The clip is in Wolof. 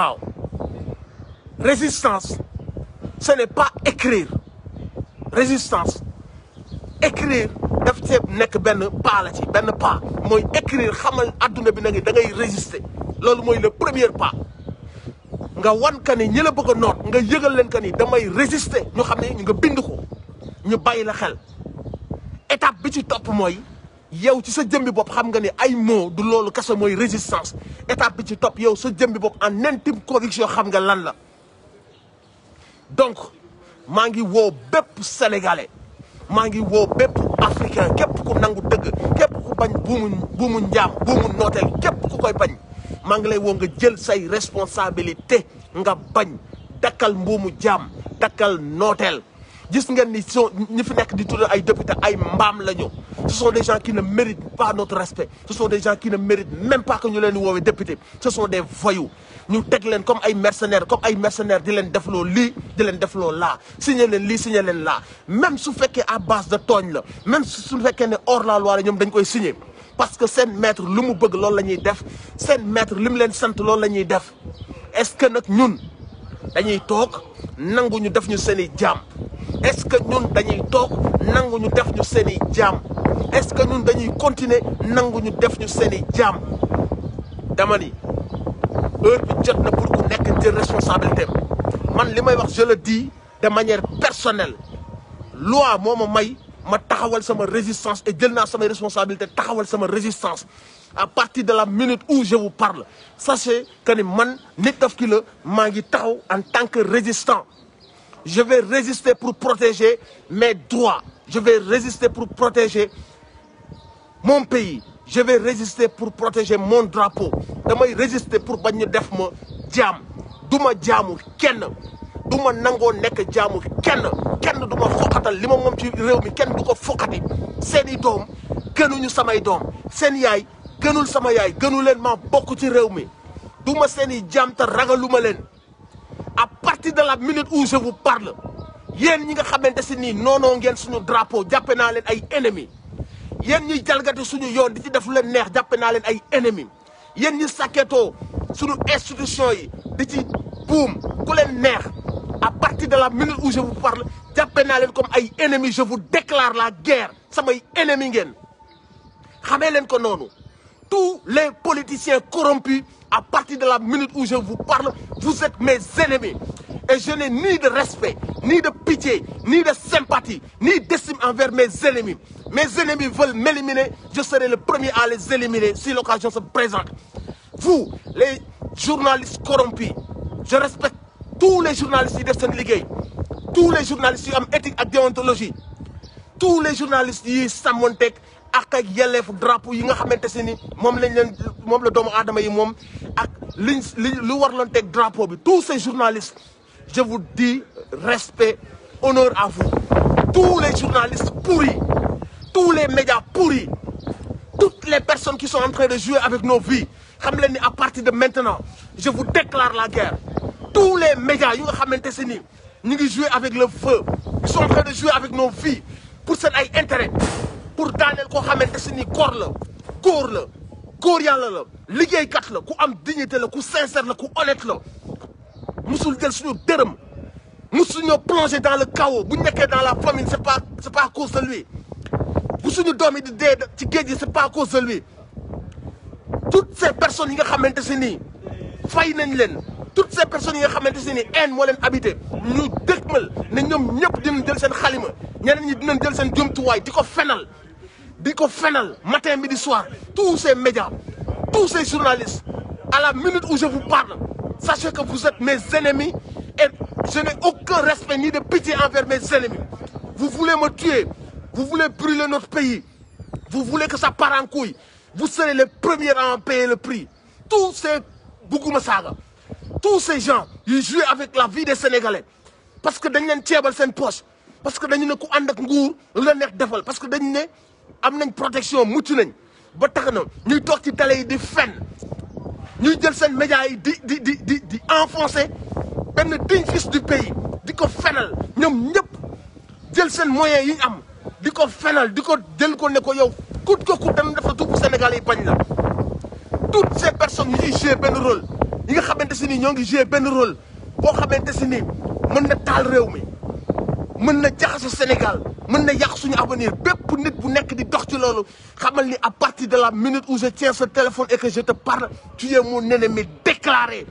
waaw résistance ce n'est pas écrire résistance écrire daf ceeb nekk benn pas la ci benn pas mooy écrire xamal adduna bi na ngi da ngay résister loolu mooy le première pas nga wan ka ni ñi la bëgg a noot nga yëgal leen ka ni damay résister ñu xam ne ñu nga bind ko ñu bàyyi la xel étape bi ci topp mooy yow ci sa jëmbi bopp xam nga ni ay moo du loolu kese mooy résistance étape bi ci topp yow sa jëm bi bopp en intime conviction xam nga lan la donc maa ngi woo bépp sénégalais maa ngi woo bépp africain képp ku nangu dëgg képp ku bañ buumu buumu njaam buumu nooteel képp ku koy bañ maa ngi lay woo nga jël say responsabilité nga bañ dakkal mbuumu jaam dakkal nooteel gis ngeen ni sont ñu fi nekk di tudd ay député ay mbaam la ñu ce sont des gens qui ne méritent pas notre respect ce sont des gens qui ne méritent pas que ñu leen di woowee député ce sont des voyous ñu teg leen comme ay mercenaires comme ay mercenaires di leen defloo lii di leen def loo laa signé leen lii signé leen laa même su fekkee à base de tooñ la même su fekkee ne or la loi la ñoom dañ koy signé parce que seen maître lu mu bëgg loolu lañuy def seen maître li mu leen sant loolu la ñuy def est-ce que nag ñun dañuy toog nangu def ñu seen i jaam est-ce que ñun dañuy toog nangu ñu def ñu seeni i jaam est-ce que nun dañuy continuer nangu ñu def ñu seen i jaam dama ni heure bi jot na pour nekk jël responsabilité man li may wax je le dis de manière personnel loi moo ma may ma taxawal sama résistance et jël naa samay responsabilité taxawal sama résistance à partir de la minute où je vous parle sachez que ni man nit daf ki la maa ngi taxaw en tant que résistant je vais résister pour protéger mes droits. Je vais résister pour protéger mon pays. Je vais résister pour protéger mon drapeau. damay résister pour bañ ñu def ma jaam du ma jaamu kenn du ma nangoo nekk jaamu kenn kenn du ma foqatal li ma moom ci réew mi kenn du ko foqati seeni doom gënuñu samay doom seen yaay gënul sama yaay gënu leen ma bokk ci réew mi du ma seeni jaam te ragalu leen partir de la minute où je vous parle yéen ñi nga xamante si nii noonoo ngeen suñu drapeau jàppe naa leen ay ennemis yéen ñuy jalgati suñu yoon di ci def leen neex jàppe naa leen ay ennemis yéen ñi sakketoo suñu institution yi di ci buum ku leen neex à parti de la minute où je vous parle jàppe naa leen comme ay ennemis je vous déclare la guerre samay ennemis ngeen xamee leen ko noonu tous les politiciens corrompus a parti de la minute où je vous parle vous êtes mes Et je n'ai ni de respect, nii de pitié, ni de sympathie, ni d'estime envers mes ennemis. Mes ennemis veulent m'éliminer, je serai le premier à les éliminer si l'occasion se présente. Vous, les journalistes corrompus, je respecte tous les journalistes yi def seen liggéey tous les journalistes yu am éthique ak déontologie tous les journalistes yi sàmmonteeg ak ak yelleefu drapeau yi nga xamante si ni moom lañ leen moom la doomu aadama yi moom ak liñ liñ lu warloon teg drapeau bi tous ces journalistes je vous dis respect, honneur à vous. Tous les journalistes pourris, tous les médias pourris, toutes les personnes qui sont en train de jouer avec nos vies, à partir de maintenant, je vous déclare la guerre. Tous les médias, ils jouent avec le feu. Ils sont en train de jouer avec nos vies pour seen ay intérêt pour daaneel koo xamante si ni góor la góor la góor yàlla la liggéeykat la ku am dignité la ku sincère la ku honnête la musul jël suñu dërëm musul ñoo plongé dans le kawo bu ñu nekkee dans la famine c'est pas c'est pas à cause de lui bu suñu doom yi di dee ci géej gi c'est pas à cause de lui toutes ces personnes yi nga xamante si nii fay nañ leen toutes ces personnes yi nga xamante si nii haine moo leen habité ñu dëgmal ne ñoom ñëpp dinañ jël seen xalima ñeneen ñi dinañ jël seen jumtuwaay di ko fenal di ko fenal matin midi soir tous ces médias tous ces journalistes à la minute où Sachez que vous êtes mes ennemis et je n'ai aucun respect ni de pitié envers mes ennemis. Vous voulez me tuer, vous voulez brûler notre pays, vous voulez que ça part en couille. Vous serez les premiers en payer le prix. Tous ces Bougouma Saga, tous ces gens, ils jouent avec la vie des Sénégalais. Parce que dañ leen ceebal seen poche parce que dañu ne ku ànd ak nguur le la neex defal parce que dañu ne am nañ protection mucc nañ ba tax na ñuy toog ci télé yi di fenn ñuy jël seen médias yi di di di di di enfoncer benn digne fils du pays di ko fenal ñoom ñëpp jël seen moyens yi am di ko fenal di ko jël ko ne ko yow coûte que coûte dana dafa dugg Sénégal yi bañ la toutes ces personnes yi ñuy jouer benn rôle yi nga xamante si nii ñoo ngi jouer benn rôle boo xamante si nii mën na taal réew mi mën na jaxasu Sénégal mën na yàq suñu avenir bépp nit bu nekk di dox ci loolu xamal ni à partir de la minute où je tiens ce téléphone et que je te parle tu es mon ennemi déclaré